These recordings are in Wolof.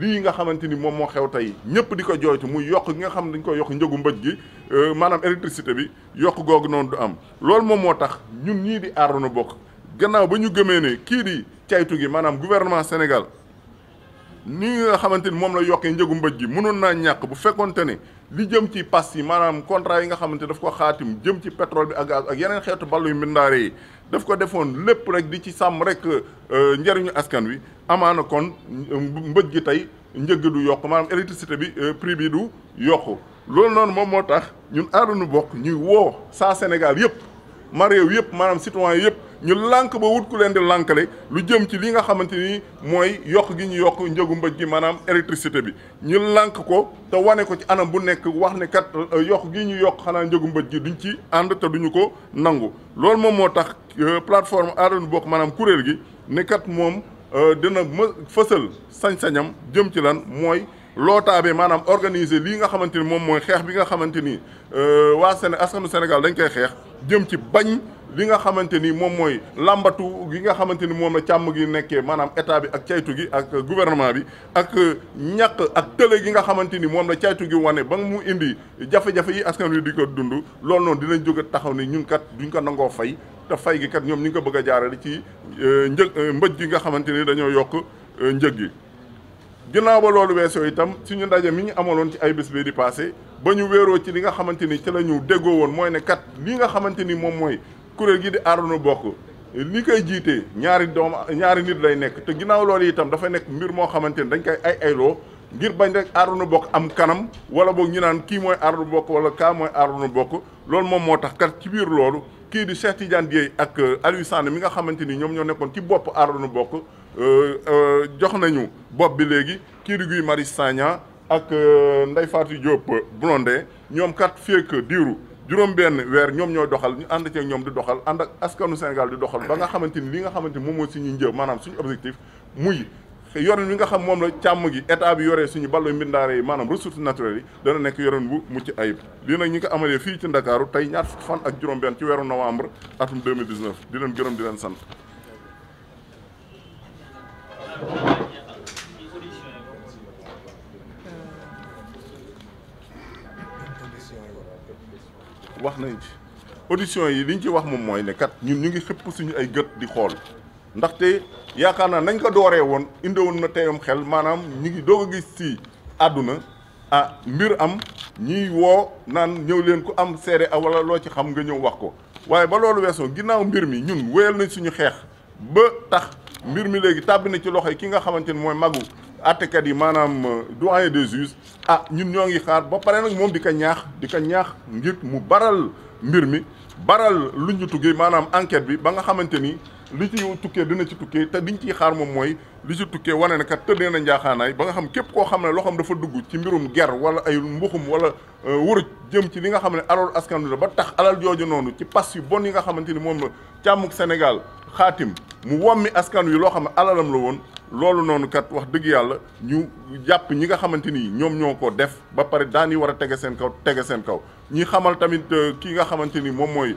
lii nga xamante ni moom moo xew tey ñëpp di ko jooytu muy yokk gi nga xam dañ koy yokk njëgu mbëj gi euh, maanaam électricité bi yokk googu noonu du am loolu moom moo tax ñun ñii di aar nu bokk gannaaw ba ñu gëmee ne kii di caytu gi maanaam gouvernement Sénégal ni nga xamante ni moom la yokkee njëgu mbëj gi mënoon naa ñàkk bu fekkonte ni li jëm ci pass yi maanaam contrat yi nga xamante daf ko xaatim jëm ci pétrole bi ak ak yeneen xeetu ballu yu mbindaare yi daf ko defoon lépp rek di ci sàmm rek euh, njëriñu askan wi amaana kon mbëj gi tey njëg du yokk maanaam électricité bi euh, prix bi du yokk loolu noonu moom moo tax ñun aadunu bokk ñuy woo saa Sénégal yëpp ma réew yëpp maanaam citoyen yëpp ñu lànk ba wut ku leen di lànkale lu jëm ci li nga xamante ni mooy yokk gi ñu yokk njëgu mbëj gi maanaam électricité bi ñu lànk ko te wane ko ci anam bu nekk wax ne kat euh, yokk gi ñu yokk xanaa njëgu mbëj gi duñ ci ànd te duñu ko nangu loolu moom moo tax euh, plateforme Aar Li Nu Bokk maanaam kuréel gi ne kat moom euh, dina ma fësal sañ-sañam jëm ci lan mooy lootaabe maanaam organiser lii nga xamante ni moom mooy xeex bi nga xamante ni waa Séné askanu Sénégal dañ koy xeex jëm ci bañ li nga xamante ni moom mooy làmbatu gi nga xamante ni moom la càmm gi nekkee maanaam état bi ak caytu gi ak gouvernement bi ak ñàkk ak tële gi nga xamante ni moom la caytu gi wane ba mu indi jafe yi askan wi di ko dund loolu noonu dinañ jóg taxaw ni ñun kat duñ ko nangoo fay fay gi kat ñoom ñu ngi ko bëgg a jaarale ci euh, njëg euh, mbëj gi nga xamante ni dañoo yokk euh, njëg gi. ginnaaw ba loolu weesoo itam suñu ndaje mi ñu amaloon ci ay bés bi di ba ñu wéeroo ci li xamante ni ci la ñu déggoo woon ne kat li nga xamante ni moom mooy kuréel gi di aarunu bokk lii koy jiitee ñaari doom ñaari nit lay nekk te ginnaaw loolu itam dafay nekk mbir moo xamante ni dañ koy ay ayloo ngir bañ rek aarunu bokk am kanam wala boog ñu naan kii mooy aarunu bokk wala kaa mooy aarunu bokk loolu moom moo tax kat ci biir loolu kii di Cheikh Tidiane Dieye ak euh, Aliou Sané mi nga xamante ni ñoom ñoo nekkoon ci bopp aarunu bokk euh, euh, jox nañu bopp bi léegi kii di Guy Marius Sagna ak Ndeye Fatou Diop Blondin ñoom kat fekk diiru juróom benn weer ñoom ñooy doxal ñu ànd ceeg ñoom di doxal ànd ak askanu Sénégal di doxal ba nga xamante ni li nga xamante ni moom mooy suñu njëw maanaam suñu objectif muy yorin bi nga xam moom la càmm gi état bi yoree suñu ballo mbindaare yi maanaam ressources naturelles yi dana nekk yorin bu mucc ayib lii nag ñi ko amalee fii ci Ndakaaru tey ñaar fukki fan ak juróom benn ci weeru novembre atum 2019 di leen gërëm di leen sant wax nañ ci audition yi li ñu ci wax moom mooy ne ñun ñu ngi xëpp suñu ay gët di xool ndaxte yaakaar naa nañ ko dooree woon indiwoon na teyam xel maanaam ñu ngi doo a gis si àdduna ah mbir am ñiy woo naan ñëw leen ku am seere a wala loo ci xam nga ñëw wax ko waaye ba loolu weesoo ginnaaw mbir mi ñun wéyal nañ suñu xeex ba tax mbir mi léegi tàbbi na ci loxo yi ki nga xamante ni mooy magu àttekat yi maanaam euh, doyen des juges ah ñun ñoo ngi xaar ba pare nag moom di ko ñaax di ko ñaax ngir mu baral mbir mi baral lu ñu tuggee maanaam enquête bi ba nga xamante ni li ci tukkee dina ci tukkee te diñ ciy xaar moom mooy lu ci tukkee wane ne kat tëddee na njaaxaanaay ba nga xam képp koo xam ne loo xam dafa dugg ci mbirum ger wala ay mbuxum wala euh, wuruj jëm ci li nga xam ne alal askan wi la ba tax alal jooju noonu ci pas yu bon yi nga xamante ni moom la càmmug Sénégal xaatim mu wommi askan wi loo xam ne alalam la woon loolu noonu kat wax dëgg yàlla ñu jàpp ñi nga xamante ni ñoom ñoo ko def ba pare daani war a tege seen kaw tege seen kaw ñi xamal tamit euh, kii nga xamante ni moom mooy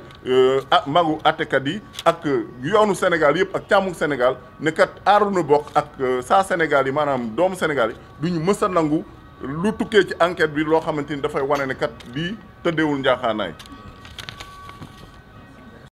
ah magu àttekat yi ak euh, yoonu Sénégal yëpp ak càmmu Sénégal ne kat aaruna bokk ak saa Sénégal yi maanaam doomu Sénégal yi duñu mës a nangu lu tukkee ci enquête bi loo xamante ni dafay wane ne kat lii tëddeewul njaaxaanaay